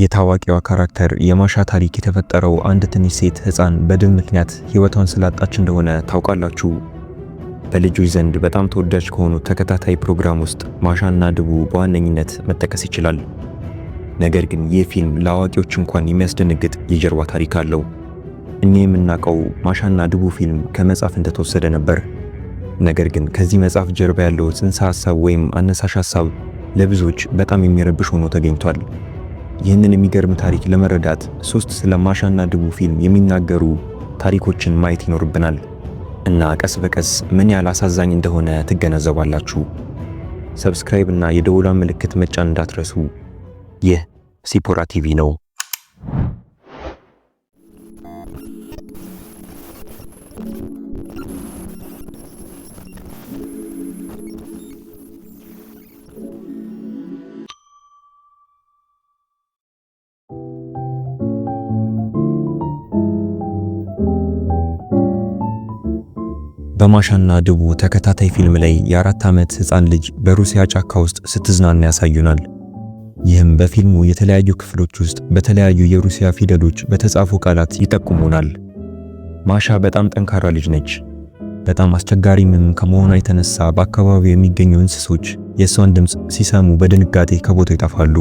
የታዋቂዋ ካራክተር የማሻ ታሪክ የተፈጠረው አንድ ትንሽ ሴት ህፃን በድብ ምክንያት ህይወቷን ስላጣች እንደሆነ ታውቃላችሁ። በልጆች ዘንድ በጣም ተወዳጅ ከሆኑ ተከታታይ ፕሮግራም ውስጥ ማሻና ድቡ በዋነኝነት መጠቀስ ይችላል። ነገር ግን ይህ ፊልም ለአዋቂዎች እንኳን የሚያስደነግጥ የጀርባ ታሪክ አለው። እኔ የምናውቀው ማሻና ድቡ ፊልም ከመጽሐፍ እንደተወሰደ ነበር። ነገር ግን ከዚህ መጽሐፍ ጀርባ ያለው ጽንሰ ሐሳብ ወይም አነሳሽ ሐሳብ ለብዙዎች በጣም የሚረብሽ ሆኖ ተገኝቷል። ይህንን የሚገርም ታሪክ ለመረዳት ሶስት ስለ ማሻና ድቡ ፊልም የሚናገሩ ታሪኮችን ማየት ይኖርብናል እና ቀስ በቀስ ምን ያህል አሳዛኝ እንደሆነ ትገነዘባላችሁ። ሰብስክራይብ እና የደወሏን ምልክት መጫን እንዳትረሱ። ይህ ሲፖራ ቲቪ ነው። በማሻና ድቡ ተከታታይ ፊልም ላይ የአራት ዓመት ሕፃን ልጅ በሩሲያ ጫካ ውስጥ ስትዝናና ያሳዩናል። ይህም በፊልሙ የተለያዩ ክፍሎች ውስጥ በተለያዩ የሩሲያ ፊደሎች በተጻፉ ቃላት ይጠቁሙናል። ማሻ በጣም ጠንካራ ልጅ ነች። በጣም አስቸጋሪምም ከመሆኗ የተነሳ በአካባቢው የሚገኙ እንስሶች የእሷን ድምፅ ሲሰሙ በድንጋጤ ከቦታው ይጠፋሉ።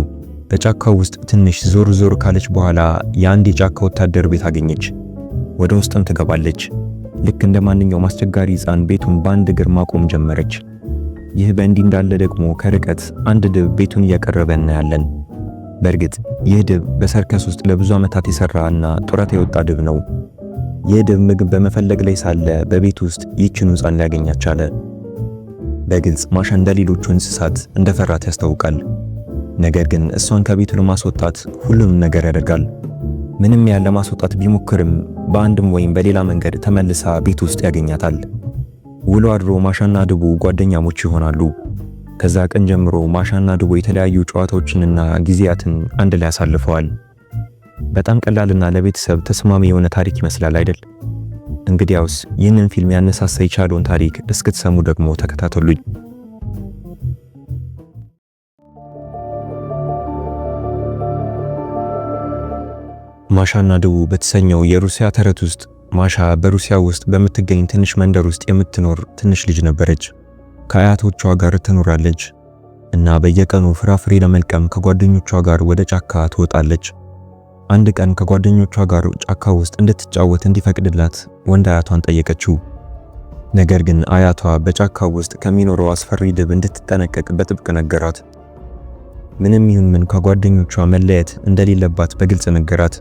በጫካው ውስጥ ትንሽ ዞር ዞር ካለች በኋላ የአንድ የጫካ ወታደር ቤት አገኘች። ወደ ውስጥም ትገባለች። ልክ እንደ ማንኛውም አስቸጋሪ ህፃን ቤቱን በአንድ እግር ማቆም ጀመረች። ይህ በእንዲህ እንዳለ ደግሞ ከርቀት አንድ ድብ ቤቱን እያቀረበ እናያለን። በእርግጥ ይህ ድብ በሰርከስ ውስጥ ለብዙ ዓመታት የሠራ እና ጡረታ የወጣ ድብ ነው። ይህ ድብ ምግብ በመፈለግ ላይ ሳለ በቤቱ ውስጥ ይህችኑ ህፃን ሊያገኛት ቻለ። በግልጽ ማሻ እንደ ሌሎቹ እንስሳት እንደፈራት ያስታውቃል። ነገር ግን እሷን ከቤቱ ለማስወጣት ሁሉንም ነገር ያደርጋል። ምንም ያህል ለማስወጣት ቢሞክርም በአንድም ወይም በሌላ መንገድ ተመልሳ ቤት ውስጥ ያገኛታል። ውሎ አድሮ ማሻና ድቡ ጓደኛሞች ይሆናሉ። ከዛ ቀን ጀምሮ ማሻና ድቡ የተለያዩ ጨዋታዎችንና ጊዜያትን አንድ ላይ አሳልፈዋል። በጣም ቀላልና ለቤተሰብ ተስማሚ የሆነ ታሪክ ይመስላል አይደል? እንግዲያውስ ይህንን ፊልም ያነሳሳ የቻለውን ታሪክ እስክትሰሙ ደግሞ ተከታተሉኝ። ማሻና ድቡ በተሰኘው የሩሲያ ተረት ውስጥ ማሻ በሩሲያ ውስጥ በምትገኝ ትንሽ መንደር ውስጥ የምትኖር ትንሽ ልጅ ነበረች። ከአያቶቿ ጋር ትኖራለች እና በየቀኑ ፍራፍሬ ለመልቀም ከጓደኞቿ ጋር ወደ ጫካ ትወጣለች። አንድ ቀን ከጓደኞቿ ጋር ጫካ ውስጥ እንድትጫወት እንዲፈቅድላት ወንድ አያቷን ጠየቀችው። ነገር ግን አያቷ በጫካ ውስጥ ከሚኖረው አስፈሪ ድብ እንድትጠነቀቅ በጥብቅ ነገራት። ምንም ይሁን ምን ከጓደኞቿ መለየት እንደሌለባት በግልጽ ነገራት።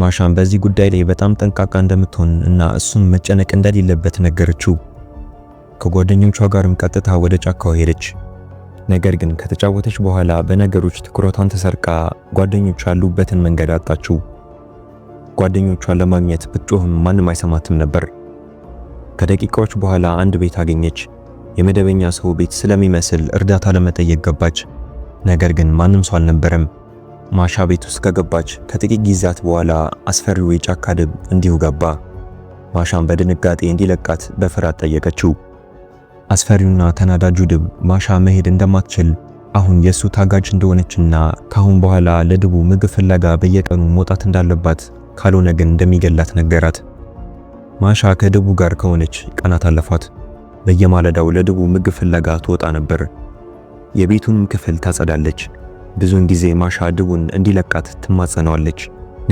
ማሻን በዚህ ጉዳይ ላይ በጣም ጠንቃቃ እንደምትሆን እና እሱን መጨነቅ እንደሌለበት ነገረችው። ከጓደኞቿ ጋርም ቀጥታ ወደ ጫካው ሄደች። ነገር ግን ከተጫወተች በኋላ በነገሮች ትኩረቷን ተሰርቃ ጓደኞቿ ያሉበትን መንገድ አጣችው። ጓደኞቿን ለማግኘት ብትጮህም ማንም አይሰማትም ነበር። ከደቂቃዎች በኋላ አንድ ቤት አገኘች። የመደበኛ ሰው ቤት ስለሚመስል እርዳታ ለመጠየቅ ገባች። ነገር ግን ማንም ሰው አልነበረም። ማሻ ቤት ውስጥ ከገባች ከጥቂት ጊዜያት በኋላ አስፈሪው የጫካ ድብ እንዲሁ ገባ። ማሻን በድንጋጤ እንዲለቃት በፍርሃት ጠየቀችው። አስፈሪውና ተናዳጁ ድብ ማሻ መሄድ እንደማትችል አሁን የእሱ ታጋጅ እንደሆነችና ካሁን በኋላ ለድቡ ምግብ ፍለጋ በየቀኑ መውጣት እንዳለባት ካልሆነ ግን እንደሚገላት ነገራት። ማሻ ከድቡ ጋር ከሆነች ቀናት አለፏት። በየማለዳው ለድቡ ምግብ ፍለጋ ትወጣ ነበር። የቤቱንም ክፍል ታጸዳለች። ብዙውን ጊዜ ማሻ ድቡን እንዲለቃት ትማጸነዋለች።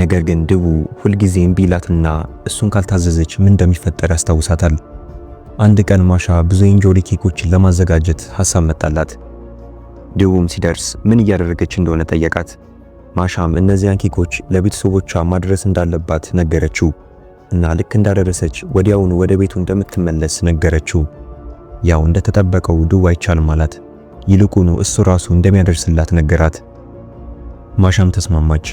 ነገር ግን ድቡ ሁልጊዜ እምቢ ቢላትና እሱን ካልታዘዘች ምን እንደሚፈጠር ያስታውሳታል። አንድ ቀን ማሻ ብዙ የእንጆሪ ኬኮችን ለማዘጋጀት ሐሳብ መጣላት። ድቡም ሲደርስ ምን እያደረገች እንደሆነ ጠየቃት። ማሻም እነዚያን ኬኮች ለቤተሰቦቿ ማድረስ እንዳለባት ነገረችው እና ልክ እንዳደረሰች ወዲያውኑ ወደ ቤቱ እንደምትመለስ ነገረችው። ያው እንደተጠበቀው ድቡ አይቻልም አላት። ይልቁኑ እሱ ራሱ እንደሚያደርስላት ነገራት። ማሻም ተስማማች።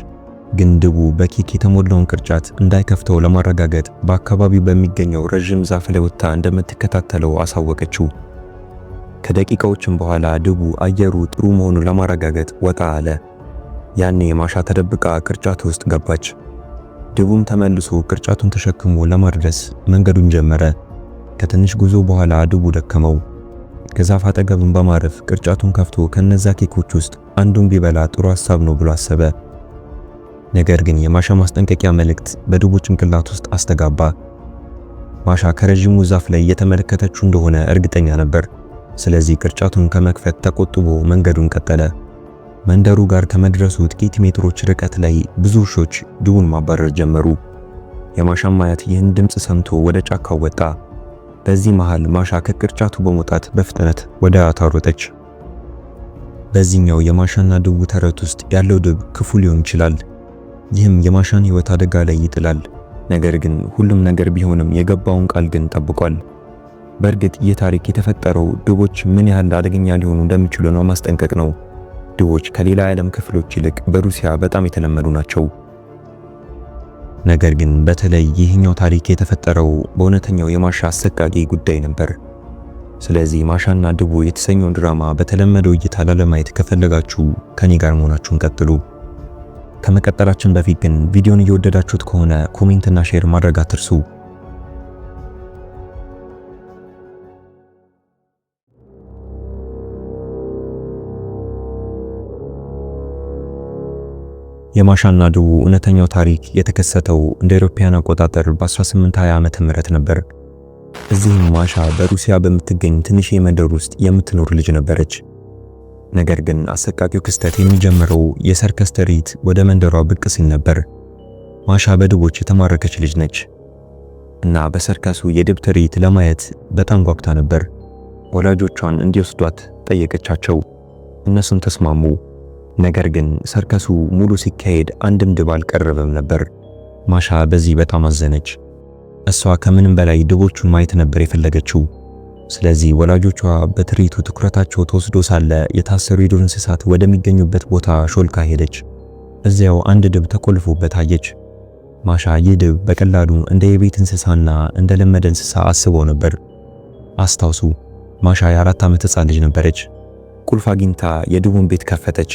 ግንድቡ በኬክ የተሞላውን ቅርጫት እንዳይከፍተው ለማረጋገጥ በአካባቢው በሚገኘው ረዥም ዛፍ ላይ ወጥታ እንደምትከታተለው አሳወቀችው። ከደቂቃዎችም በኋላ ድቡ አየሩ ጥሩ መሆኑን ለማረጋገጥ ወጣ አለ። ያኔ ማሻ ተደብቃ ቅርጫቱ ውስጥ ገባች። ድቡም ተመልሶ ቅርጫቱን ተሸክሞ ለማድረስ መንገዱን ጀመረ። ከትንሽ ጉዞ በኋላ ድቡ ደከመው። ከዛፍ አጠገብም በማረፍ ቅርጫቱን ከፍቶ ከነዛ ኬኮች ውስጥ አንዱን ቢበላ ጥሩ ሀሳብ ነው ብሎ አሰበ። ነገር ግን የማሻ ማስጠንቀቂያ መልእክት በድቡ ጭንቅላት ውስጥ አስተጋባ። ማሻ ከረዥሙ ዛፍ ላይ እየተመለከተችው እንደሆነ እርግጠኛ ነበር። ስለዚህ ቅርጫቱን ከመክፈት ተቆጥቦ መንገዱን ቀጠለ። መንደሩ ጋር ከመድረሱ ጥቂት ሜትሮች ርቀት ላይ ብዙ ውሾች ድቡን ማባረር ጀመሩ። የማሻ አያት ይህን ድምፅ ሰምቶ ወደ ጫካው ወጣ። በዚህ መሃል ማሻ ከቅርጫቱ በመውጣት በፍጥነት ወደ አያቷ ሮጠች። በዚህኛው የማሻና ድቡ ተረት ውስጥ ያለው ድብ ክፉ ሊሆን ይችላል። ይህም የማሻን ሕይወት አደጋ ላይ ይጥላል። ነገር ግን ሁሉም ነገር ቢሆንም የገባውን ቃል ግን ጠብቋል። በእርግጥ ይህ ታሪክ የተፈጠረው ድቦች ምን ያህል አደገኛ ሊሆኑ እንደሚችሉ ነው ማስጠንቀቅ ነው። ድቦች ከሌላ የዓለም ክፍሎች ይልቅ በሩሲያ በጣም የተለመዱ ናቸው። ነገር ግን በተለይ ይህኛው ታሪክ የተፈጠረው በእውነተኛው የማሻ አሰቃቂ ጉዳይ ነበር። ስለዚህ ማሻና ድቡ የተሰኘውን ድራማ በተለመደው እይታ ላለማየት ከፈለጋችሁ ከኔ ጋር መሆናችሁን ቀጥሉ። ከመቀጠላችን በፊት ግን ቪዲዮን እየወደዳችሁት ከሆነ ኮሜንትና ሼር ማድረግ አትርሱ። የማሻና ድቡ እውነተኛው ታሪክ የተከሰተው እንደ አውሮፓውያን አቆጣጠር በ1820 ዓመተ ምህረት ነበር። እዚህም ማሻ በሩሲያ በምትገኝ ትንሽ መንደር ውስጥ የምትኖር ልጅ ነበረች። ነገር ግን አሰቃቂው ክስተት የሚጀምረው የሰርከስ ትርኢት ወደ መንደሯ ብቅ ሲል ነበር። ማሻ በድቦች የተማረከች ልጅ ነች እና በሰርከሱ የድብ ትርኢት ለማየት በጣም ጓጉታ ነበር። ወላጆቿን እንዲወስዷት ጠየቀቻቸው። እነሱም ተስማሙ። ነገር ግን ሰርከሱ ሙሉ ሲካሄድ አንድም ድብ አልቀረበም ነበር። ማሻ በዚህ በጣም አዘነች። እሷ ከምንም በላይ ድቦቹን ማየት ነበር የፈለገችው። ስለዚህ ወላጆቿ በትርኢቱ ትኩረታቸው ተወስዶ ሳለ የታሰሩ የዱር እንስሳት ወደሚገኙበት ቦታ ሾልካ ሄደች። እዚያው አንድ ድብ ተቆልፎበት አየች። ማሻ ይህ ድብ በቀላሉ እንደ የቤት እንስሳና እንደ ለመደ እንስሳ አስቦ ነበር። አስታውሱ፣ ማሻ የአራት ዓመት ሕፃን ልጅ ነበረች። ቁልፍ አግኝታ የድቡን ቤት ከፈተች።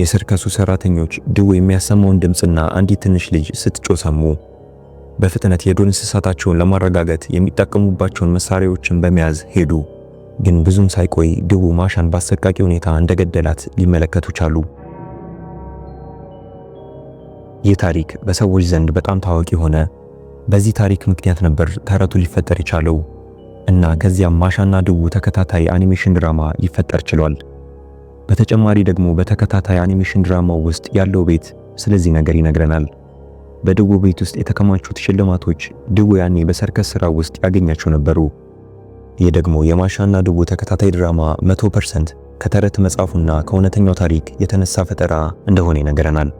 የሰርከሱ ሰራተኞች ድው የሚያሰማውን ድምፅና አንዲት ትንሽ ልጅ ስትጮሰሙ ሰሙ። በፍጥነት የዱር እንስሳታቸውን ለማረጋጋት የሚጠቀሙባቸውን መሳሪያዎችን በመያዝ ሄዱ። ግን ብዙም ሳይቆይ ድቡ ማሻን በአሰቃቂ ሁኔታ እንደገደላት ሊመለከቱ ቻሉ። ይህ ታሪክ በሰዎች ዘንድ በጣም ታዋቂ ሆነ። በዚህ ታሪክ ምክንያት ነበር ተረቱ ሊፈጠር የቻለው እና ከዚያም ማሻና ድቡ ተከታታይ አኒሜሽን ድራማ ሊፈጠር ችሏል። በተጨማሪ ደግሞ በተከታታይ አኒሜሽን ድራማው ውስጥ ያለው ቤት ስለዚህ ነገር ይነግረናል። በድዎ ቤት ውስጥ የተከማቹት ሽልማቶች ድቡ ያኔ በሰርከስ ስራ ውስጥ ያገኛቸው ነበሩ። ይህ ደግሞ የማሻና ድቡ ተከታታይ ድራማ 100% ከተረት መጽሐፉና ከእውነተኛው ታሪክ የተነሳ ፈጠራ እንደሆነ ይነግረናል።